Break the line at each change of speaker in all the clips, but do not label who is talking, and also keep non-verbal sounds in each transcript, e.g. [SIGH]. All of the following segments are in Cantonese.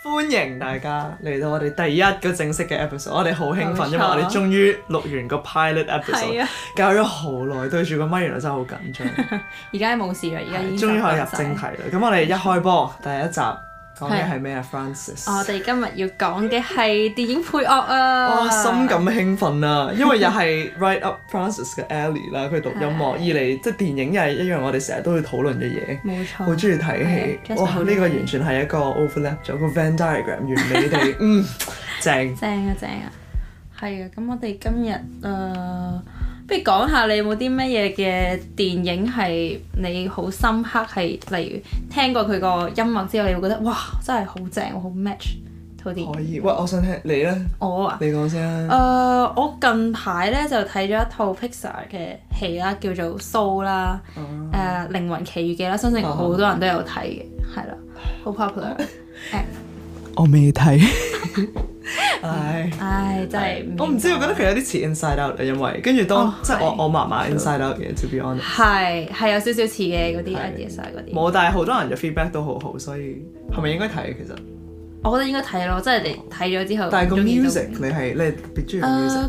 歡迎大家嚟到我哋第一個正式嘅 episode，我哋好興奮，錯因為我哋終於錄完個 pilot episode，搞咗好耐對住個咪咪咪原來真係好緊張。
而家冇事啦，而家終於可以入，入正
題啦。咁 [LAUGHS] 我哋一開波第一集。講嘅係咩啊，Frances？我哋
今日要講嘅係電影配樂啊！哇、 [LAUGHS] 哦，心
咁興奮啊！因為又係 right up Frances 嘅 alley 啦，佢讀音樂以，以嚟 [LAUGHS] 即係電影又係一樣，我哋成日都要討論嘅嘢。冇錯，好鍾意睇戲。對 [LAUGHS] 哇，呢、呢個完全係一個 overlap，仲有個 Venn diagram，完美地， [LAUGHS] 嗯，正。
正啊正啊，係啊！咁我哋今日誒。呃不如講下你有冇啲咩嘢嘅電影係你好深刻係，例如聽過佢個音樂之後，你會覺得哇真係好正，好 match 套電影。
可以，喂，我想聽你咧。我啊？你講先啊。誒、
呃，我近排咧就睇咗一套 Pixar 嘅戲啦，叫做《Soul》，oh. 呃《Soul》啦，誒靈魂奇遇記啦，相信好多人都有睇嘅，係啦、oh.，好 popular。
我未睇。唉，
唉，真係我唔知，我覺
得佢有啲似 Inside Out，因為跟住當即係我我麻麻 Inside Out 嘅，To be honest，
係係有少少似嘅嗰啲 ideas 嗰啲。
冇，但係好多人嘅 feedback 都好好，所以係咪應該睇？其實
我覺得應該睇咯，即係你睇咗之後。但係個
music 你係你係特別
鍾意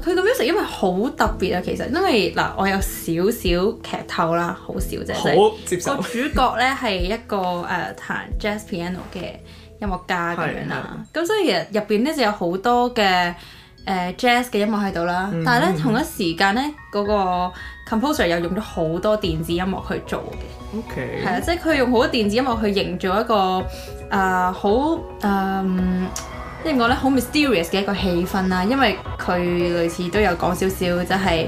佢個 music，因為好特別啊，其實因為嗱，我有少少劇透啦，好少啫。好接受個主角咧係一個誒彈 jazz piano 嘅。音樂家咁樣啦，咁的所以其實入邊咧就有好多嘅誒 jazz 嘅音樂喺度啦，嗯嗯，但係咧同一時間咧嗰個 composer 又用咗好多電子音樂去做嘅，OK，係啊，即係佢用好多電子音樂去營造一個啊好啊，點講咧好 mysterious 嘅一個氣氛啦，因為佢類似都有講少少就係。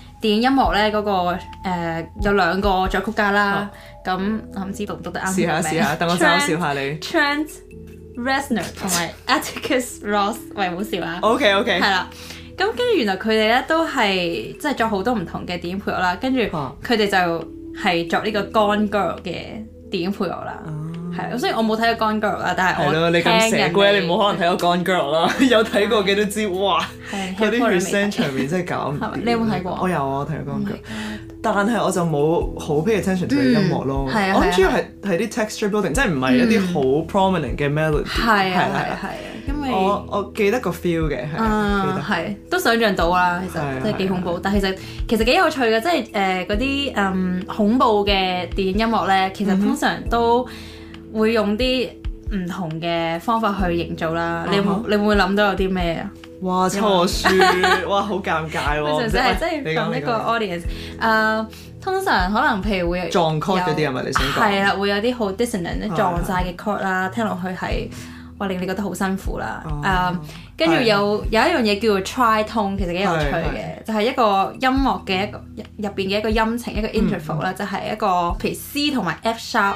電影音樂咧嗰、嗰個、呃、有兩個作曲家啦，咁我唔知讀唔讀得啱名？試下試下，等我再笑下你。Trent Reznor 同埋 [LAUGHS] Atticus Ross，喂，唔好笑啊！OK OK，係啦，咁跟住原來佢哋咧都係即係作好多唔同嘅電影配樂啦，跟住佢哋就係作呢個 Gone Girl 嘅電影配樂啦。Oh. 係啊，所以我冇睇過《Gone Girl》啦，但係我聽嘅。你咁邪
鬼，你冇可能睇過《Gone Girl》啦。有睇過嘅都知，哇！嗰啲血腥場面真係搞唔掂。
你有冇睇過？我有啊，睇過《Gone Girl》，
但係我就冇好 pay attention 睇音樂咯。係啊係啊，我主要係睇啲 texture building，即係唔係一啲好 prominent 嘅 melody。係啊係啊係啊，因為我我記得個 feel 嘅，係啊，
係都想象到啦。其實真係幾恐怖，但係其實其實幾有趣嘅，即係誒嗰啲嗯恐怖嘅電影音樂咧，其實通常都會用啲唔同嘅方法去營造啦，你冇你會諗到有啲咩啊？哇錯書，
哇好尷尬喎！即係即係同一個
audience，誒通常可能譬如會撞 key 嗰啲係
咪？你想講係啊，
會有啲好 dissonant 咧撞晒嘅 key 啦，聽落去係哇令你覺得好辛苦啦。誒跟住有有一樣嘢叫做 tritone，其實幾有趣嘅，就係一個音樂嘅一個入入邊嘅一個音程，一個 interval 啦，就係一個譬如 C 同埋 F sharp。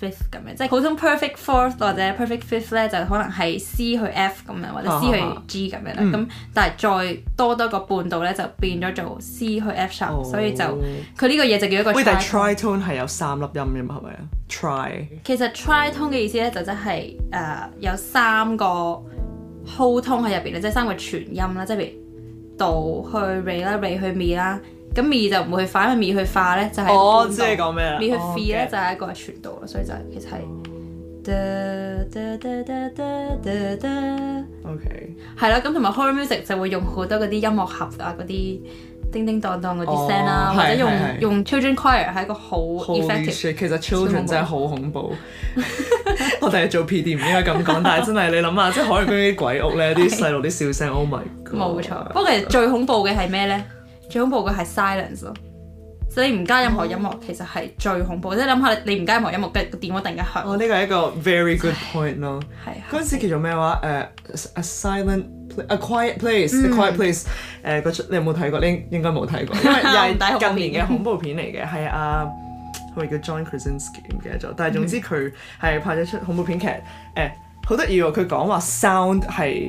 fifth 咁樣，即係普通 perfect fourth 或者 perfect fifth 咧，就可能係 C 去 F 咁樣，或者 C 去 G 咁、uh huh. 樣啦。咁、mm. 但係再多多個半度咧，就變咗做 C 去 F sharp，oh. 所以就佢呢個嘢就叫一個。喂，但係
tri-tone 係有三粒音嘅嘛，係咪啊？try
其實 tri-tone 嘅意思咧、就是，就即係誒有三個 whole tone 喺入邊咧，即係三個全音啦，即係譬如 do 去 re 啦，re 去 mi 啦。咁滅就唔會去反，因為滅去化咧就係。哦，即係講咩啊？滅去 free 咧就係一個係傳導啦，所以就其實係。OK。係啦，咁同埋 horror music 就會用好多嗰啲音樂盒啊、嗰啲叮叮噹噹嗰啲聲啦，或者用用 children choir 係一個好。effective Holy
shit！其實 children 真係好恐怖。我哋係做 PD 唔應該咁講，但係真係你諗下，即係海邊啲鬼屋咧，啲細路啲笑聲，Oh my God！冇錯。
不過其實最恐怖嘅係咩咧？最恐怖嘅係 silence 咯，所以唔加任何音樂其實係最恐怖，即係諗下你唔加任何音樂，個、mm. 就是、電話突然間響。哦，
呢個係一個 very good point 咯唉。係噢。嗰陣時叫做咩話？誒、uh,，a silent，a pla quiet place，quiet place。誒，個你有冇睇過？應應該冇睇過，因為又係近年嘅恐怖片嚟嘅，係 [LAUGHS] 啊，佢咪、 [LAUGHS] 啊、叫 John Krasinski 唔記得咗？但係總之佢係拍咗出恐怖片劇，誒，uh, 好得意喎！佢講話 sound 係。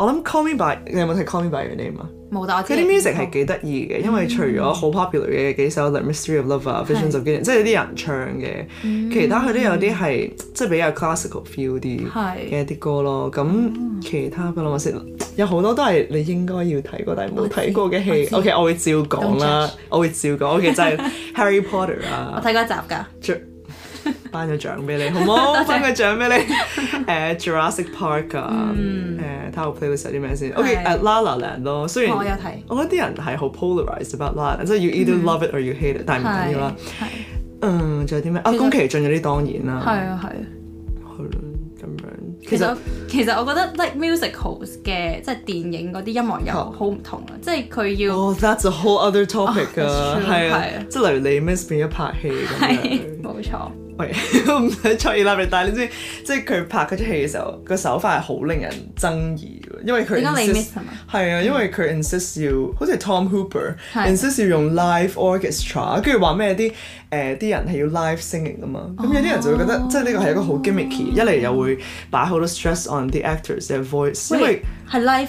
我諗 call me by，你有冇睇 call me by your name 啊？冇，
但係我知佢啲 music 係幾
得意嘅，因為除咗好 popular 嘅幾首，例如《Mystery of Love》、《Visions of Gideon》，即係有啲人唱嘅，其他佢都有啲係即係比較 classical feel 啲嘅啲歌囉。咁其他嘅諗下先，有好多都係你應該要睇過，但係冇睇過嘅戲。OK，我會照講啦，我會照講嘅，就係 Harry Potter 啊。我睇過一集㗎。頒咗獎俾你，好唔好？頒個獎俾你。誒《Jurassic Park》啊，誒睇下我 playlist 有啲咩先？OK，誒《La La Land》咯。雖然我有睇，我覺得啲人係好 polarized about《Lala》，即係 you either love it or you hate it，但係唔緊要啦。係。嗯，仲有啲咩？啊，宮崎駿嗰啲當然啦。係啊，係啊。係咯，咁樣。其實
其實我覺得 like musicals 嘅即係電影嗰啲音樂又好唔同啊，即係佢要。哦，That's a
whole other topic 啊，係啊，即係例如你 Miss 邊一拍戲咁樣。係，
冇錯。
係，我唔想坐熱辣嚟，但係你知，即係佢拍嗰出戲嘅時候，個手法係好令人爭議咯，因為佢係啊，因為佢 insist 要好似 Tom Hooper insist 要用 live orchestra，跟住話咩啲誒啲人係要 live singing 㗎嘛，咁有啲人就會覺得即係呢個係一個好 gimmicky，一嚟又會擺好多 stress on the actors 嘅 voice，因為
係 live。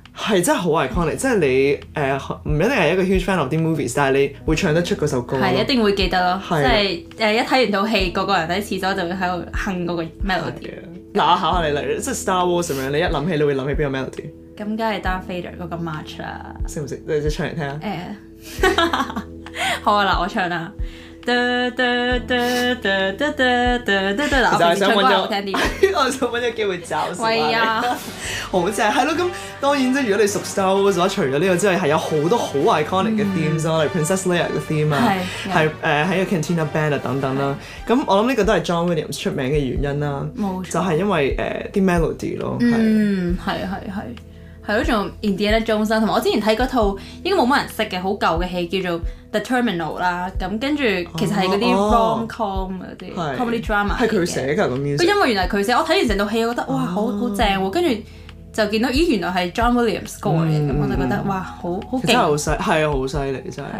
係真係好 iconic、嗯、即係你誒唔、呃、一定係一個 huge fan of 啲 movies，但係你會唱得出嗰首歌。係一
定會記得咯，的即係誒一睇完套戲，個個人喺廁所就會喺度哼嗰個 melody。
嗱，考下你嚟， [LAUGHS] 即係 Star Wars 咁樣，你一諗起你會諗起邊個 melody？
咁梗係《Darth Vader》嗰個 March 啦。
識唔識？即係即唱嚟聽
啊？誒，好啊啦，我唱啦。得得得，我
上翻就，我上翻就叫佢係啊。哎、好正！係咯，咁當然啫。如果你熟 Star Wars 嘅話，除咗呢個之外，係有好多好 iconic 嘅 theme 咯，例如 Princess Leia 嘅 theme 啊，係誒喺個、呃、Cantina Band 啊等等啦。咁我諗呢個都係 John Williams 出名嘅原因啦。冇錯，就係因為誒啲、呃、melody 咯。嗯，係
係係。係嗰種 Indiana Jones，同埋我之前睇嗰套應該冇乜人識嘅好舊嘅戲，叫做《The Terminal》啦。咁跟住其實係嗰啲 Rom-com 啲 Comedy Drama，係佢
寫㗎咁樣，因
為原來佢寫，我睇完成套戲，我覺得哇，好好正喎。Oh. 跟住就見到咦，原來係 John Williams score 嘅，mm. 我就覺得哇，好好
勁。係好犀，係啊，好犀利真係。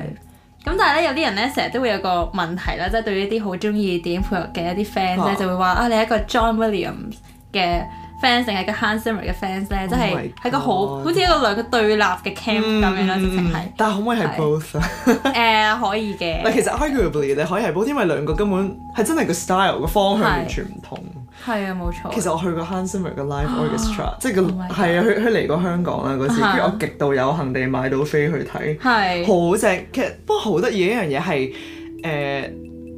咁但係咧，有啲人咧成日都會有個問題啦，即係對於啲好鍾意電影配樂嘅一啲 fans 咧，oh. 就會話啊，你係一個 John Williams 嘅。fans 成係個 Hans Zimmer 嘅 fans 咧，即係係個好好似一個兩個對立嘅 camp 咁樣咯，直情係。但係可唔可以係 both 啊？誒，可以嘅。其實
arguably 你可以係 both，因為兩個根本係真係個 style 個方向完全唔同。
係啊，冇
錯。其實我去過 Hans Zimmer 嘅 live orchestra，即係叫係啊，佢佢嚟過香港啦嗰時，我極度有幸地買到飛去睇，係好正。其實不過好得意一樣嘢係誒。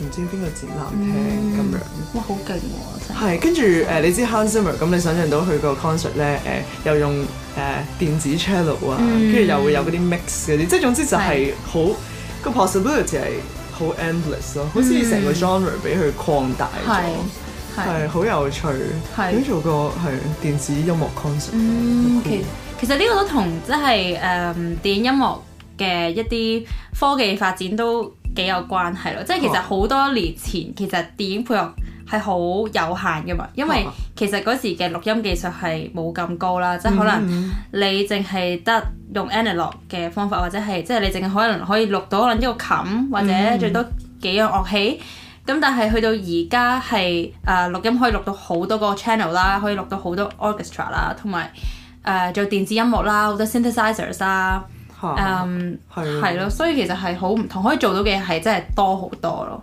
唔知邊個展覽
廳咁
樣哇，好勁喎！真係跟住誒，你知 Hans Zimmer 咁，你想像到佢個 concert 咧誒，又用誒電子 channel 啊，跟住又會有嗰啲 mix 嗰啲，即係總之就係好個 possibility 係好 endless 咯，好似成個 genre 俾佢擴大咗，係好有趣。點做個係電子音樂 concert？嗯，
其其實呢個都同即係誒電音樂嘅一啲科技發展都，幾有關係咯，即係其實好多年前，oh. 其實電影配樂係好有限嘅嘛，因為其實嗰時嘅錄音技術係冇咁高啦，oh. 即係可能你淨係得用 analog 嘅方法，或者係即係你淨係可能可以錄到可能一個琴，oh. 或者最多幾樣樂器。咁但係去到而家係誒錄音可以錄到好多個 channel 啦，可以錄到好多 orchestra 啦，同埋誒做電子音樂啦，好多 synthesizers 啦。嗯，係咯，所以其實係好唔同，可以做到嘅係真係多好多咯。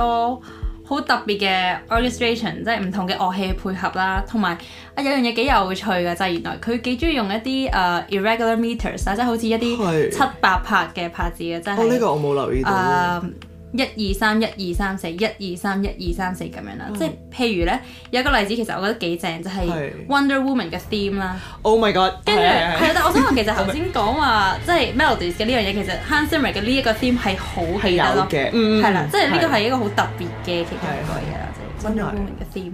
很多好特別嘅 orchestration，即係唔同嘅樂器配合啦，同埋啊有、哎、有樣嘢幾有趣嘅就係、是、原來佢幾鍾意用一啲誒、uh, irregular meters 啊是，即係好似一啲七八拍嘅拍子嘅。真係。哦，呢是、哦，呢個我冇
留意到。
Uh, 一二三一二三四，一二三一二三四咁樣啦，嗯、即係譬如呢，有一個例子，其實我覺得幾正，就係、是、Wonder Woman 嘅 theme 啦。
Oh my god！跟住係啊，但
我想話， [LAUGHS] 其實頭先講話即係 Melodies 嘅呢樣嘢，其實 Hans Zimmer 嘅呢一個 theme 係好記得咯嘅，嗯係啦，即係呢個係一個好特別嘅其中一個嘢 Wonder Woman 嘅的 theme。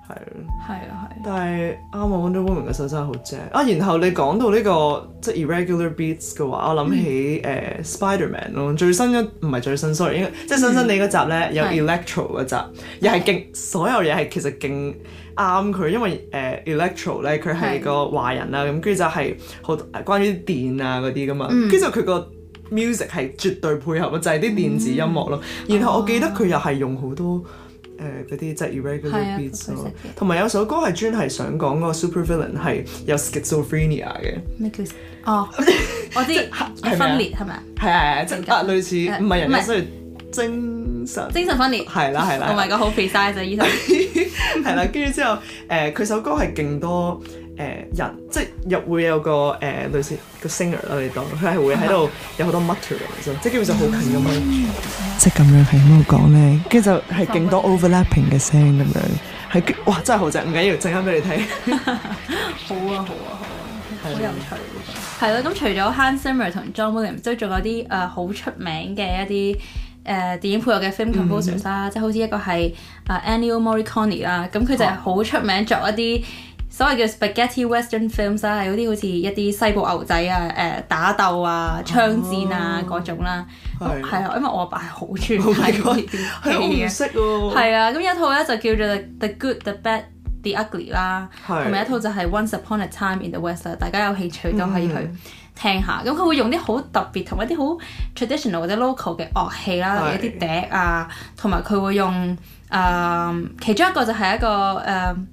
係，啊，啦，係。但係啱啊，Wonder Woman 嘅首真係好正啊！然後你講到呢、這個即係 Irregular Beats 嘅話，我諗起誒、嗯呃、Spiderman 咯，最新一唔係最新，sorry，應該即係、嗯、新新你嗰集咧有 Electro 嗰、嗯、集，又係勁，所有嘢係其實勁啱佢，因為誒、呃、Electro 咧佢係個華人啦，咁跟住就係好關於電啊嗰啲噶嘛，跟住佢個 music 係絕對配合就係、是、啲電子音樂咯。然後我記得佢又係用好多。誒啲、呃、即同埋、啊、以有首歌係專係想講嗰個 super villain 係有 schizophrenia 嘅，
咩叫哦？ [LAUGHS] 我知 [LAUGHS] 係係分裂係咪
[LAUGHS] 啊？係係係，類似唔係人嘅，所以精神精
神分裂係啦，係啦，同埋個好 psyche 嘅醫生
係啦，跟住之後誒佢、呃、首歌係勁多。誒人即係又會有個誒類似個 singer 我哋當佢係會喺度有好多 mutter 咁樣啫，即係基本上好近咁嘛。即係咁樣係點講咧？跟住就係勁多 overlapping 嘅聲咁樣，係哇真係好正！唔緊要，陣間俾你睇。
好啊好啊好啊，好有趣。係咯，咁除咗 Hans Zimmer 同 John Williams 都仲有啲誒好出名嘅一啲誒電影配樂嘅 film composers 啦，即係好似一個係啊 Ennio Morricone 啦，咁佢就係好出名作一啲。所謂叫 Spaghetti Western Films 啦，係嗰啲好似一啲西部牛仔啊、誒、呃、打鬥啊、槍戰啊嗰、喔、種啦，係啊的， [COUGHS] 因為我阿爸係好中意睇，係我唔識係啊，咁有一套咧就叫做 The Good, The Bad, The Ugly 啦的，同埋一套就係 Once Upon a Time in the West 大家有興趣都可以去聽下，咁佢、嗯嗯、會用啲好特別同一啲好 traditional 或者 local 嘅樂器啦，的一啲笛啊，同埋佢會用誒、嗯，其中一個就係一個誒。嗯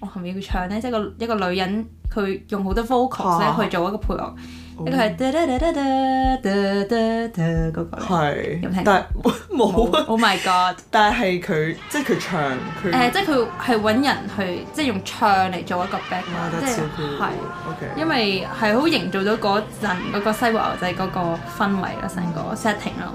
我係咪要唱咧，即係個一個女人，佢用好多 vocal 咧、啊、去做一個配樂，oh. 一個係嗰個,、那個，係是，但係
冇啊！Oh my god！但係佢即係佢唱，誒、呃，即係
佢係揾人去，即係用唱嚟做一個 background，、wow, so cool. 即係是係 OK，因為係好營造咗嗰陣嗰個西部牛仔嗰個氛圍啦，成個 setting 咯。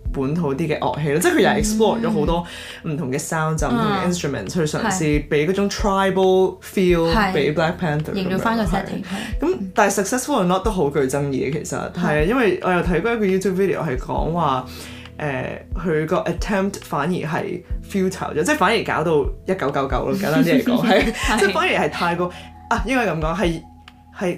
本土啲嘅樂器咯，即係佢又係 explore 咗好多唔同嘅 sound，就唔同嘅 instrument 去嘗試俾嗰種 tribal feel，俾是 Black Panther 營
造，
咁但係 successful or not 都好具爭議嘅，其實係啊，因為我又睇過一個 YouTube video 係講話，誒、呃、佢個 attempt 反而係 futile 咗，即係反而搞到一九九九咯，簡單啲嚟講係，即係反而係太過啊應該咁講係係。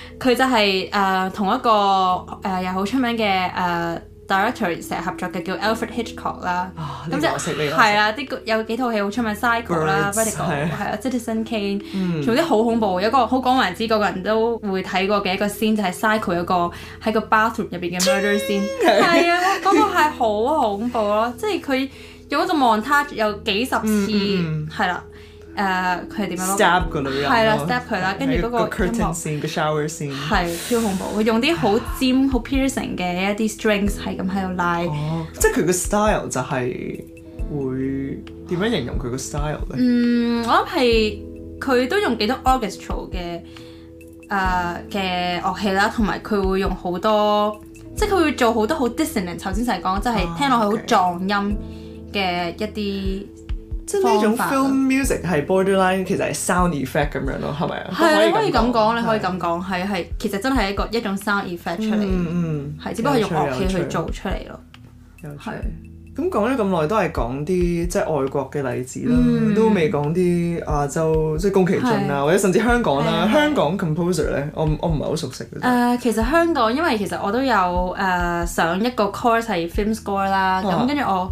佢就係誒同一個誒又好出名嘅誒 director 成日合作嘅叫 Alfred Hitchcock 啦，咁即係啦，啲有幾套戲好出名 Psycho 啦，Friday，係啊 Jason King，全部啲好恐怖，有個好廣為人知，個人都會睇過嘅一個 scene 就係 Psycho 有個喺個 bathroom 入邊嘅 murder scene，係啊，嗰個係好恐怖咯，即係佢用一個 montage 有幾十次係啦。誒佢點樣？
係啦，stab 佢啦，啊、跟住嗰個幕，個 curtain scene，個 shower scene
係超恐怖。佢用啲好尖、好 bud dle piercing 嘅一啲 strings 係咁喺度拉。哦，
即係佢嘅 style 就係會點樣形容佢嘅 style 咧？
嗯，我諗係佢都用幾多 orchestral 嘅誒嘅、uh, 樂器啦，同埋佢會用好多，即係佢會做好多好 dissonant。頭先成日講，即係聽落去好撞音嘅一啲。呢種 film
music 係 borderline，其實係 sound effect 咁樣咯，係咪啊？係啊，你可以
咁講，你可以咁講，係係，其實真係一個一種 sound effect 出嚟，嗯，係，只不過係用樂器去做出嚟咯。係。
咁講咗咁耐，都係講啲即係外國嘅例子啦，都未講啲亞洲，即係宮崎駿啊，或者甚至香港啦。香港 composer 咧，我我唔係好熟悉嘅。誒，
其實香港，因為其實我都有誒上一個 course 係 film score 啦，咁跟住我。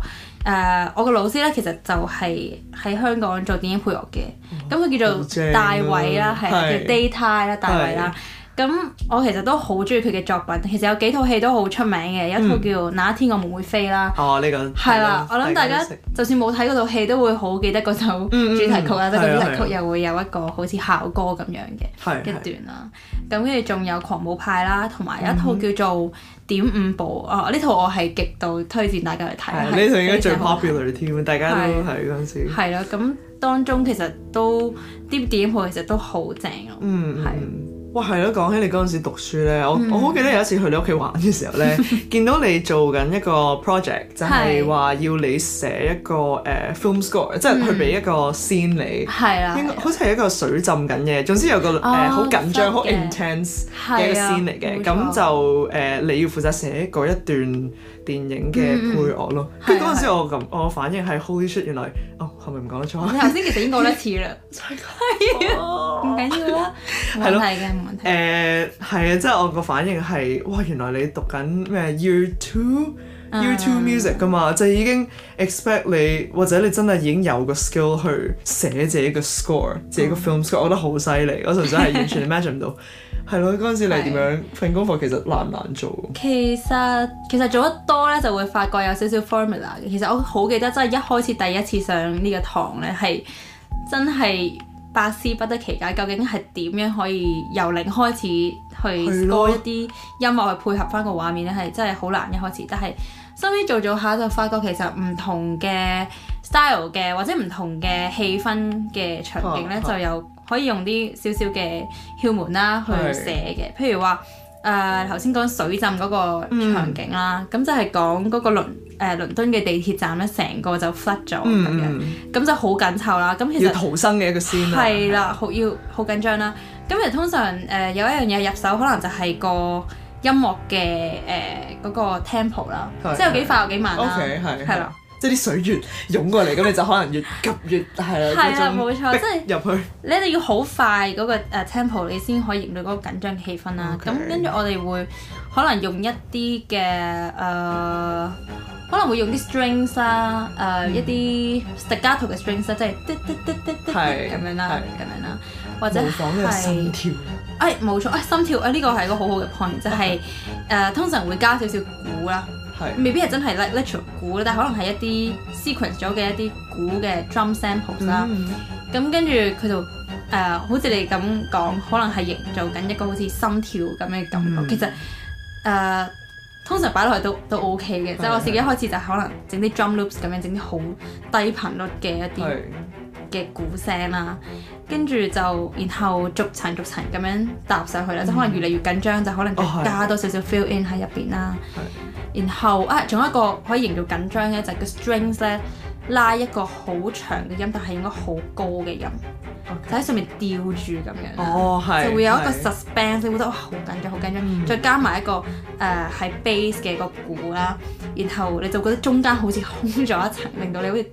誒，uh，我個老師咧，其實就係喺香港做電影配樂嘅，咁佢、哦、叫做、啊、大偉啦，係叫 Day Tai 啦，大偉啦。咁我其實都好中意佢嘅作品，其實有幾套戲都好出名嘅，有一套叫《哪一天我們會飛》啦。哦，
呢個係啦。我諗大家
就算冇睇嗰套戲，都會好記得嗰首主題曲啦。嘅主題曲又會有一個好似校歌咁樣嘅一段啦。咁跟住仲有《狂舞派》啦，同埋有一套叫做《點五步》。哦，呢套我係極度推薦大家去睇。呢套應該最 popular
添，大家都喺嗰陣時。係
咯，咁當中其實都啲點五步其實都好正咯。嗯，係。
哇，係咯！講起你嗰陣時讀書咧，我我好記得有一次去你屋企玩嘅時候咧， [LAUGHS] 見到你做緊一個 project， [LAUGHS] 就係話要你寫一個誒、uh, film score，即係佢俾一個 scene 你 [LAUGHS] 了。係啊，應該好似係一個水浸緊嘅，總之有個誒好、哦呃、緊張、好的 intense 嘅一個 scene 嚟嘅。咁、啊、就誒，uh, 你要負責寫嗰一段。電影嘅配樂咯，跟住嗰時我咁，我反應係 Holy shit，原來哦係咪唔講得錯？你頭先其實已經講咗
一次啦，係啊，唔緊要啦，冇
問題嘅，冇問題。誒係啊，即係我個反應係哇，原來你讀緊咩 YouTube、YouTube music 噶嘛，就已經 expect 你或者你真係已經有個 skill 去寫自己嘅 score、自己嘅 film score，我覺得好犀利，我純粹係完全 imagine 唔到。係咯，嗰陣時你點樣份對功課其實難唔難做？
其實其實做得多咧就會發覺有少少 formula 嘅。其實我好記得真係一開始第一次上個呢個堂咧，係真係百思不得其解，究竟係點樣可以由零開始去多一啲音樂去配合返個畫面咧，係了真係好難一開始。但係，稍微做做下就發覺其實唔同嘅。style 嘅或者唔同嘅氣氛嘅場景咧，就有可以用啲少少嘅竅門啦去寫嘅。譬如話，誒頭先講水浸嗰個場景啦，咁就係講嗰個倫誒倫敦嘅地鐵站咧，成個就 flood 咗咁樣，咁就好緊湊啦。咁其實逃生嘅一個先啦。係啦、네，好要好緊張啦。咁其實通常誒有一樣嘢入手，可能就係個音樂嘅誒嗰個 tempo 啦，即係有幾快有幾慢啦。OK 啦。
即係啲水越湧過嚟，咁你就可能越急越係啦。係啊，冇錯，即係入去。
你一定要好快嗰個 tempo，你先可以應對嗰個緊張氣氛啦。咁跟住我哋會可能用一啲嘅誒，可能會用啲 strings 啦，誒一啲 staccato 嘅 strings 啦，即係滴滴滴滴滴咁樣啦，咁樣啦，
或者係誒心
跳誒冇錯誒心跳誒呢個係一個好好嘅 point，就係誒通常會加少少鼓啦。未必係真係 literal 鼓，但係可能係一啲 sequence 咗嘅一啲鼓嘅 drum samples 啦、嗯。咁跟住佢就誒，uh, 好似你咁講，可能係營造緊一個好似心跳咁嘅感覺。嗯、其實誒，uh, 通常擺落去都都 O K 嘅。即係是的 我自己一開始就可能整啲 drum loops 咁樣，整啲好低頻率嘅一啲嘅鼓聲啦。跟住就然後逐層逐層咁樣搭上去啦。即、嗯、可能越嚟越緊張，就可能加多少少 fill in 喺入邊啦。然後啊，仲有一個可以營造緊張嘅就係個 strings 咧，拉一個好長嘅音，但係應該好高嘅音，就喺上面吊住咁樣。哦，係。就會有一個 suspense，你會覺得哇，好緊張，好緊張。再加埋一個誒喺 bass 嘅個鼓啦，然後你就覺得中間好似空咗一層，令到你好似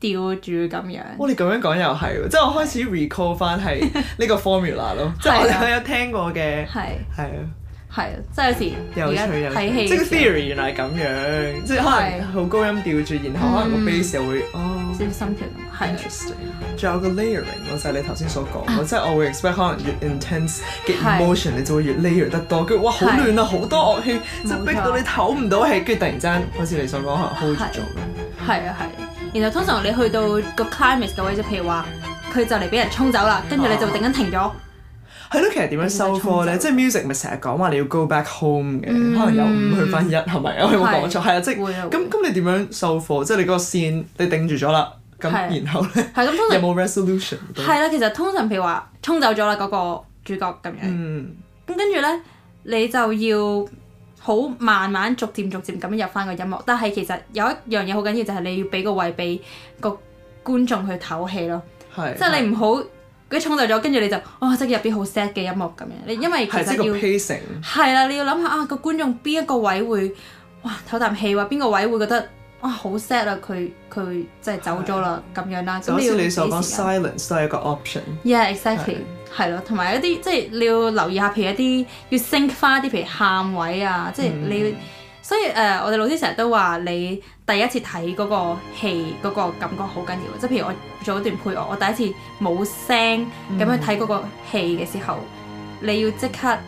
吊住咁樣。我
哋咁樣講又係，即係我開始 recall 翻係呢個 formula 咯，即係我有聽過嘅，係係啊。
係，即係有時睇戲，即係 theory
原來係咁樣，即係可能好高音吊住，然後可能個 base 又會
哦，似心跳，係，interesting。
仲有個 layering，就係你頭先所講，即係我會 expect 可能越 intense 嘅 emotion，你就會越 layer 得多。跟住哇，好亂啊，好多樂器，就逼到你唞唔到氣，跟住突然間好似你所講，hold 住咗。係啊
係，然後通常你去到個 climax 嘅位置，譬如話佢就嚟俾人沖走啦，跟住你就突然間停咗。
係咯，其實點樣收貨咧？即係 music 咪成日講話你要 go back home 嘅，可能有五去返一係咪啊？有冇講錯？係啊，即係會有咁咁你點樣收貨？即係你個線你頂住咗啦，咁然後咧係咁通常有冇 resolution？係啦，
其實通常譬如話衝走咗啦嗰個主角咁樣，咁跟住咧你就要好慢慢逐漸逐漸咁入翻個音樂。但係其實有一樣嘢好緊要，就係你要俾個位俾個觀眾去唞氣咯，
即係你唔
好。一衝大咗，跟住你就哇、哦，即係入邊好 sad 嘅音樂咁樣。你因為其實要 pacing 係啦，你要諗下啊，個觀眾邊一個位會哇唞啖氣，或邊個位會覺得哇、啊、好 sad 啊，佢佢即係走咗啦咁樣啦。咁好似你想講
silence 都係一個 option。Yeah, exactly
的。係咯，同埋一啲即係你要留意下，譬如一啲要 sink 翻啲，譬如喊位啊，即係你要。嗯所以誒、呃、我哋老師成日都話，你第一次睇個戲，嗰個感覺好緊要，即係譬如我做一段配樂，我第一次冇聲咁樣睇個戲嘅時候，你要即刻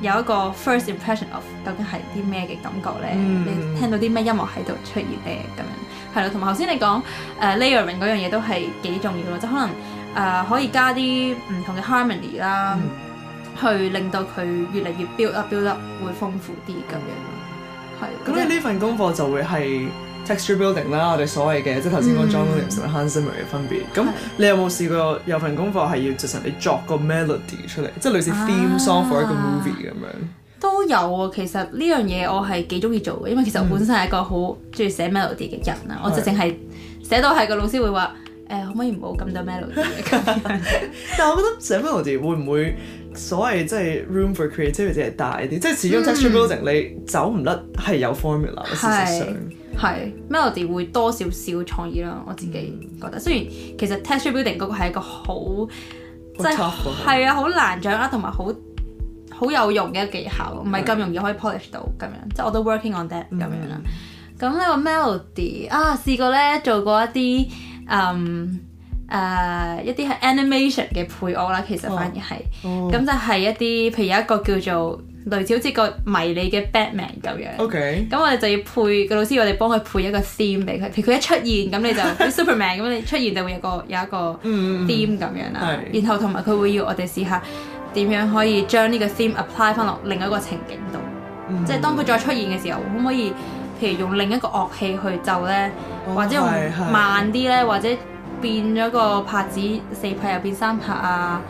有一個 first impression of 究竟係啲咩嘅感覺咧？嗯、你聽到啲咩音樂喺度出現咧？咁樣，係咯，同埋頭先你講誒、呃、layering 嗰樣嘢都係幾重要咯，即係可能誒、呃、可以加啲唔同嘅 harmony 啦，嗯、去令到佢越嚟越 build up、build up 會豐富啲咁樣。咁咧，呢
份功課就會係 texture building 啦，嗯、我哋所謂嘅即係頭先講 John Williams 同 Hans Zimmer 嘅分別。咁、嗯、你有冇試過有份功課係要直情你作個 melody 出嚟，啊、即係類似 theme song for 一個 movie 咁、啊、樣？
都有啊，其實呢樣嘢我係幾中意做嘅，因為其實我本身係一個好中意寫 melody 嘅人啊，嗯、我就淨係寫到係個老師會話。嗯嗯誒可唔可以唔好咁多 melody？
但係我覺得寫 melody 會唔會所謂即係 room for creativity 係大啲？即係始終 textural building 你走唔甩係有 formula 事實上係
melody 會多少少創意啦，我自己覺得。雖然其實 textural building 嗰個係一個好即係係啊好難掌握同埋好好有用嘅技巧，唔係咁容易可以 polish 到咁樣。即係我都 working on that 咁樣啦。咁呢個 melody 啊試過咧做過一啲。嗯誒、um, uh, 一啲係 animation 嘅配樂啦，其實反而係咁、oh. oh. 就係一啲譬如有一個叫做類似好似個迷你嘅 Batman 咁樣，咁 Okay. 我哋就要配個老師，我哋幫佢配一個 theme 俾佢。譬如佢一出現，咁你就 Superman 咁， [LAUGHS] 你出現就會有個有一個 theme 咁樣啦、啊。Mm. 然後同埋佢會要我哋試下點樣可以將呢個 theme apply 翻落另一個情景度，mm. 即係當佢再出現嘅時候，可唔可以？譬如用另一個樂器去奏咧，哦、或者用慢啲咧，係係，或者變咗個拍子，四拍又變三拍啊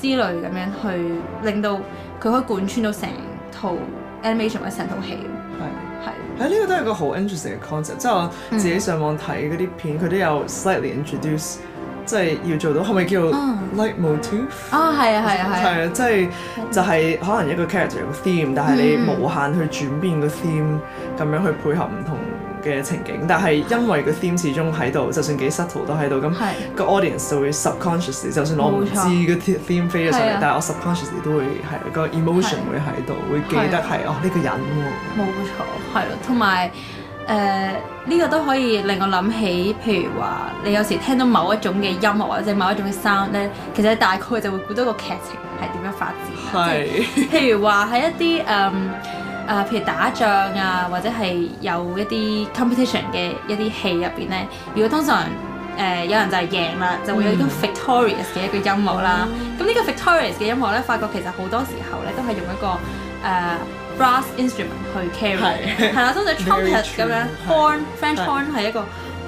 之類咁樣，去令到佢可以貫穿到成套、嗯、animation 或者成套戲。
係係，誒呢個都係個好 interesting 嘅 concept。即、就、係、係、我自己上網睇嗰啲片，佢、嗯、都有 slightly introduce。即係要做到，係咪叫 leitmotif？、
嗯、啊，係啊，係啊，係
啊，即係、啊啊啊、就係可能一個 character 個 theme，但係你無限去轉變個 theme，咁樣去配合唔同嘅情景。但係因為個 theme 始終喺度，就算幾 subtle 都喺度，咁、啊、個 audience 就會 subconscious。就算錯我唔知個 theme 飛咗上嚟，但係我 subconscious 都會係、啊個 emotion、啊、會喺度，會記得係哦呢個人喎。冇
錯，係。同埋。誒呢、uh, 個都可以令我諗起，譬如話你有時聽到某一種嘅音樂或者某一種嘅 sound 咧，其實大概就會估到個劇情係點樣發展。係是、就是。譬如話喺一啲誒誒，譬如打仗啊，或者係有一啲 competition 嘅一啲戲入邊咧，如果通常誒、呃、有人就係贏啦，嗯、就會有啲 Victorious 嘅一個音樂啦。咁呢、嗯、個 Victorious 嘅音樂咧，發覺其實好多時候咧都係用一個誒。Uh, Brass instrument 去 carry 係啦，甚至 trumpet 咁樣 horn，French horn 係 horn 一個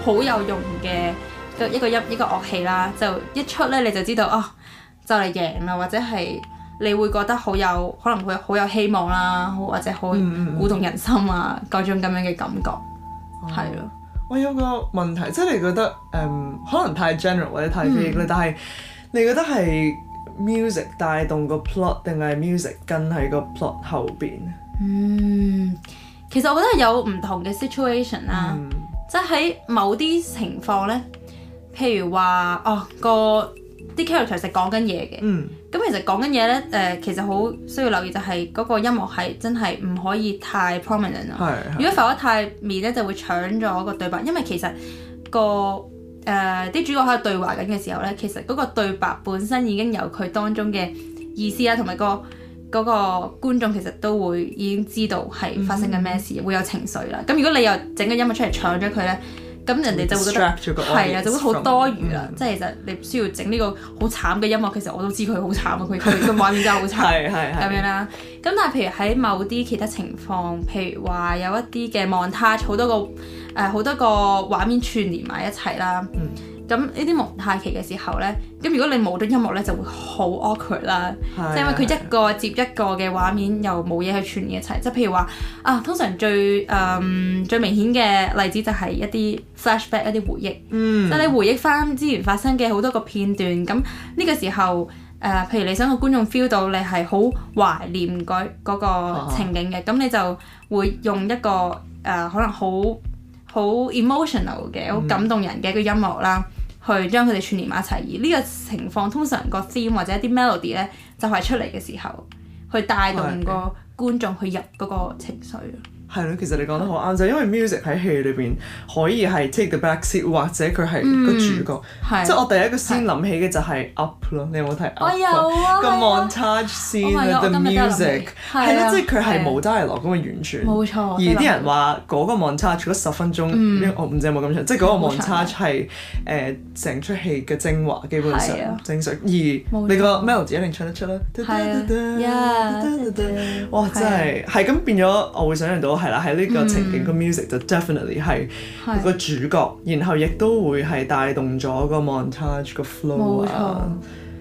好有用嘅一個一個音一個樂器啦。就一出咧，你就知道啊，就、oh, 嚟贏啦，或者係你會覺得好有可能會好有希望啦，或者好鼓動人心啊嗰、嗯、種咁樣嘅感覺，係
咯、嗯。我、哎、有個問題，即係你覺得誒、呃、可能太 general 或者太 vague 但係你覺得係。music 帶動個 plot 定係 music 跟喺個 plot 後邊？
嗯，其實我覺得有唔同嘅 situation 啦、啊，嗯、即喺某啲情況呢，譬如哦話哦個啲 character 係講緊嘢嘅，咁、嗯、其實講緊嘢呢，誒、呃、其實好需要留意就係嗰個音樂係真係唔可以太 prominent 咯。係係係，如果放得太面呢，就會搶咗個對白，因為其實、個。誒啲、uh, 主角喺度對話緊嘅時候咧，其實嗰個對白本身已經有佢當中嘅意思啦，同埋個嗰個觀眾其實都會已經知道係發生緊咩事，mm. 會有情緒啦。咁如果你又整個音樂出嚟搶咗佢咧，咁、mm. 人哋就會覺得係啊，就會好多餘啦。Mm. 即係其實你需要整呢個好慘嘅音樂，其實我都知佢好慘啊，佢佢個畫面真係好慘，咁樣啦。咁但係譬如喺某啲其他情況，譬如話有一啲嘅 montage，好多個。誒好、uh, 多個畫面串連埋一齊啦，咁呢啲蒙太奇嘅時候呢，咁如果你冇咗音樂呢，就會好 awkward 啦，的因為佢一個接一個嘅畫面又冇嘢去串連一齊，即、就、係、是、譬如話啊，通常最誒、嗯、最明顯嘅例子就係一啲 flashback 一啲回憶，即係、嗯、你回憶返之前發生嘅好多個片段，咁呢個時候誒、呃，譬如你想個觀眾 feel 到你係好懷念嗰、那個、的個情景嘅，咁你就會用一個誒、呃、可能好。好 emotional 嘅，好感動人嘅一個音樂啦，嗯、去將佢哋串連埋一齊。而呢個情況通常個 theme 或者一啲 melody 咧，就係、是、出嚟嘅時候，去帶動個觀眾去入嗰個情緒。
係咯，其實你講得好啱，就係因為 music 喺戲裏邊可以係 take the back seat，或者佢係個主角。即係我第一個先諗起嘅就係 up 咯，你有冇睇 up？我個 montage scene the music 係咯，即係佢係冇 dialogue 咁嘅完全。冇錯。而啲人話嗰個 montage 嗰十分鐘，我唔知有冇咁長，即係嗰個 montage 係誒成出戲嘅精華，基本上精髓。而你個 melody 一定唱得出啦。
係啊。Yeah。
哇！真係係咁變咗，我會想象到。係啦，喺呢個情景個 music 就 definitely 係個主角，然後亦都會係帶動咗個 montage 個 flow 啊，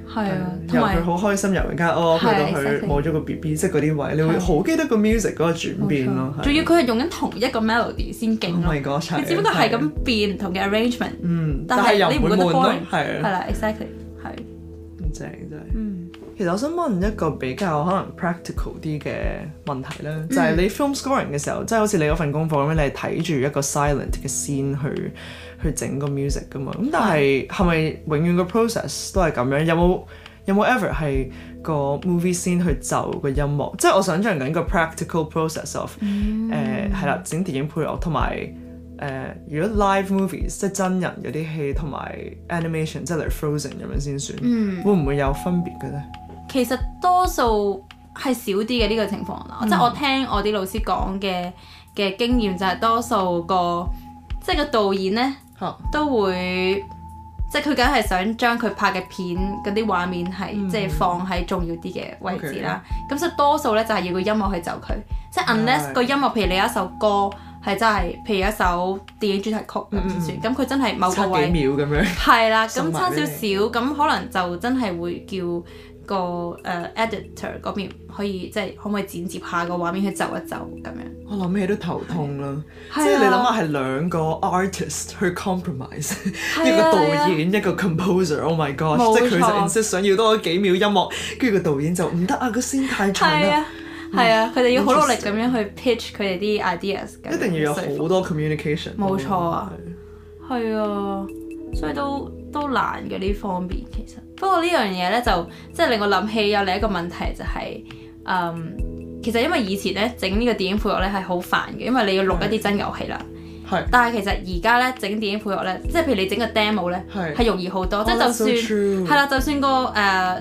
係啊，然後佢好
開心入人家屋，去到佢摸咗個 bb，即係嗰啲位，你會好記得個 music 嗰個轉變咯。仲要
佢係用緊同一個 melody 先勁咯，
佢只不過係咁
變同嘅 arrangement。嗯，但係你唔覺啦，exactly 係
正真。其實我想問一個比較可能 practical 啲嘅問題咧，就係你 film scoring 嘅時候，即係、嗯、好似你嗰份功課咁樣，你係睇住一個 silent 嘅 scene 去去整個 music 噶嘛？咁但係係咪永遠個 process 都係咁樣？有冇有冇 ever 係個 movie 先去就個音樂？即係我想像緊個 practical process of 誒係啦，整、呃、電影配樂同埋誒如果 live movies 即係真人嗰啲戲同埋 animation，即係嚟 Frozen 咁樣先算，嗯、會唔會有分別嘅咧？
其實多數係少啲嘅呢個情況啦，嗯、即係我聽我啲老師講嘅嘅經驗就係多數個即係個導演呢呵都會即係佢梗係想將佢拍嘅片嗰啲畫面係、嗯、即係放喺重要啲嘅位置啦。咁 Okay.、嗯、所以多數呢，就係、是、要個音樂去就佢，即係 unless 個音樂，譬如你有一首歌係真係，譬如一首電影主題曲咁佢、嗯、真係某個位，差幾秒咁樣，係 [LAUGHS] 啦。咁差少少，咁可能就真係會叫。個誒 editor 嗰邊可以即係可唔可以剪接下個畫面去走一走咁樣？
我諗起都頭痛啦，即係你諗下係兩個 artist 去 compromise，一個導演一個 composer。Oh my god！即係佢就 insist 想要多幾秒音樂，跟住個導演就唔得啊，個 scene 太長啦。係啊，
係啊，佢哋要好努力咁樣去 pitch 佢哋啲 ideas。一定要有
好多 communication。冇錯啊，
係啊，所以都都難嘅呢方面其實。不過呢樣嘢咧，就即係令我諗起有另一個問題，就係、是，嗯，其實因為以前咧整呢個電影配樂咧係好煩嘅，因為你要錄一啲真遊戲啦。但係其實而家咧整電影配樂咧，即係譬如你整個 demo 咧，係係容易好多，即係就算係啦，就算個誒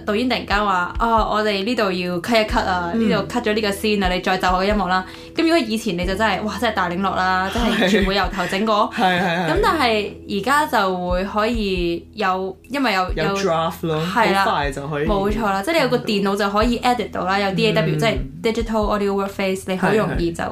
導演突然間話，哦，我哋呢度要 cut 一 cut 啊，呢度 cut 咗呢個先啊，你再就下音樂啦。咁如果以前你就真係，哇，真係大嶺落啦，真係全部由頭整過。係係咁，但係而家就會可以有，因為有有 draft
咯，係啦，快就可以冇錯啦，即係你有
個電腦就可以 edit 到啦，有 DAW 即係 digital audio workface，你好容易就。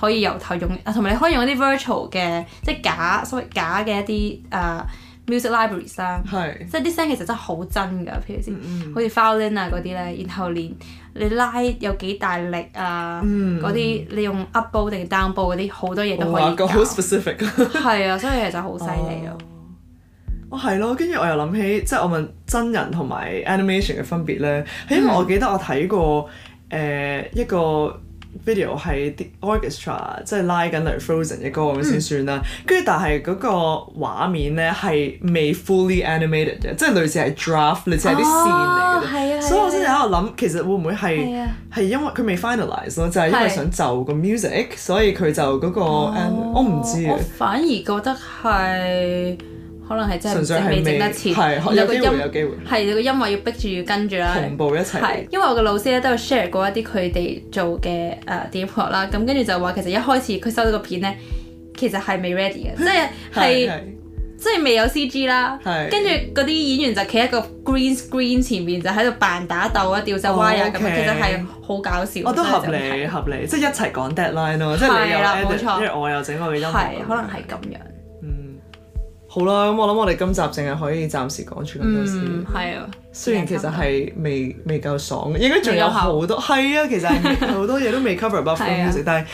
可以由頭用啊，同埋你可以用嗰啲 virtual 嘅即係假所謂假嘅一啲啊、uh, music libraries 啦是，即係啲聲其實真係好真㗎，譬如先，mm hmm. 好似 violin 啊嗰啲咧，然後連你拉有幾大力啊，嗰啲、mm hmm. 你用 up bow 定 down bow 嗰啲好多嘢都可以講。好、oh, specific，係 [LAUGHS] 啊，所以其實好犀利咯。
哦、oh. oh，係咯，跟住我又諗起，即、就、係、是、我問真人同埋 animation 嘅分別咧，起、mm hmm. 為我記得我睇過誒、呃、一個 video 係啲 orchestra 即係拉緊嚟 Frozen 嘅歌咁先、嗯、算啦，跟住但係嗰個畫面咧係未 fully animated 嘅，即係類似係 draft，、哦、類似啲線嚟嘅。係啊係啊，所以我真係喺度諗，其實會唔會係係的因為佢未 finalize 咯，就係因為想就個 music，所以佢就嗰個 animate，、哦。我唔知啊。
反而覺得係。可能係真係未整得切，有機會有機會。係有個音樂要逼住要跟住啦，同步一齊。係因為我個老師咧都有 share 過一啲佢哋做嘅誒電影配樂啦，咁跟住就話其實一開始佢收到個片咧，其實係未 ready 嘅，即係係即係未有 CG 啦。跟住嗰啲演員就企喺個 green screen 前面，就喺度扮打鬥啊、吊威吔啊咁樣，其實係好搞笑。我都合理合
理，即係一齊講 deadline 咯。即係你又 edit 因為我又整我嘅音樂，可
能係咁樣。
好啦，咁我諗我哋今集淨係可以暫時講住咁多事，嗯、雖然其實係未未夠爽，應該仲有好多係啊。 [LAUGHS] 其實好多嘢都未 cover about film music，的但係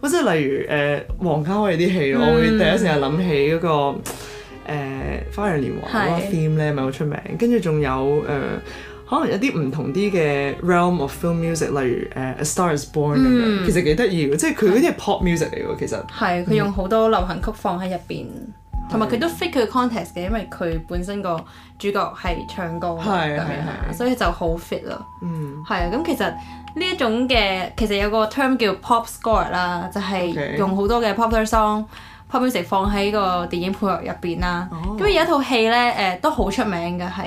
好即係例如誒、呃、王家衛啲戲，嗯、我會第一時間諗起嗰、那個誒《花樣年華》嗰個 theme 咧，咪好出名。跟住仲有誒、呃，可能有啲唔同啲嘅 realm of film music，例如誒《呃 A、Star Is Born、嗯》咁樣，其實幾得意嘅，即係佢啲係 pop music 嚟嘅，其實
係佢用好多流行曲放喺入邊。同埋佢都 fit 佢嘅 context 嘅，因為佢本身個主角係唱歌，係係係，所以就好 fit 咯。嗯，係啊。咁其實呢一種嘅其實有個 term 叫 pop score 啦，就係、是、用好多嘅 popular song Okay. pop music 放喺個電影配樂入邊啦。咁、oh. 有一套戲咧，誒、呃、都好出名嘅係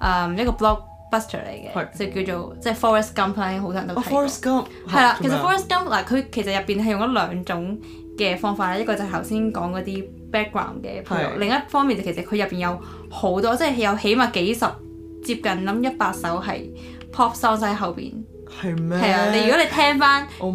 誒一個 blockbuster 嚟嘅，oh. 就叫做即係《Forest Gump》，好多人都睇《oh, Forest Gump、啊》係啦了。其實《Forest Gump》嗱佢其實入邊係用咗兩種嘅方法咧，一個就係頭先講嗰啲。background 嘅朋友，是另一方面就其實佢入邊有好多，即係有起碼幾十接近諗一百首係 pop song 喺後邊。
係咩？係啊，你如果你
聽翻，就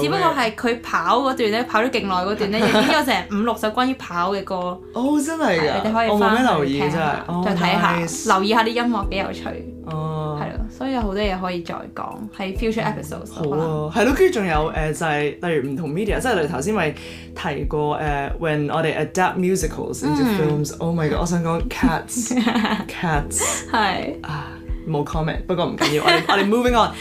只不過係佢跑嗰段咧，跑咗勁耐嗰段咧，已經有成五六首關於跑嘅歌。哦，真係啊！你可以留意真係，再睇下，留意下啲音樂幾有趣。哦，係咯，所以有好多嘢可以再講喺 future episodes。
好啊，係咯，跟住仲有誒就係例如唔同 media，即係例如頭先咪提過誒，when 我哋 adapt musicals into films。Oh my god，我想講 cats，cats。Hi。冇 comment，不過唔緊要，我哋我哋 moving on，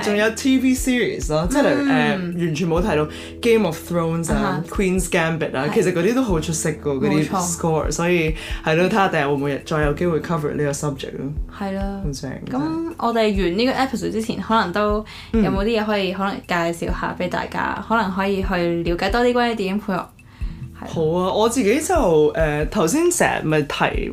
誒仲有 TV series 咯，即係誒完全冇睇到 Game of Thrones 啊、Queen's Gambit 啊，其實嗰啲都好出色噶，嗰啲 score，所以係咯，睇下第日會唔會再有機會 cover 呢個 subject 咯。
係啦，咁正。咁我哋完呢個 episode 之前，可能都有冇啲嘢可以可能介紹下俾大家，可能可以去了解多啲關於電影配樂。
好啊，我自己就誒頭先成日咪提。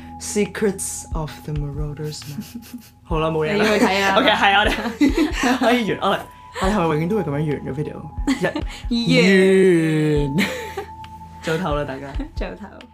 Secrets of the Marauders。 [LAUGHS] 好啦，冇嘢啦，你去睇啊。OK，係我哋可以完。我哋我哋係咪永遠都會咁樣完嘅 video？完，早唞啦，大家早唞。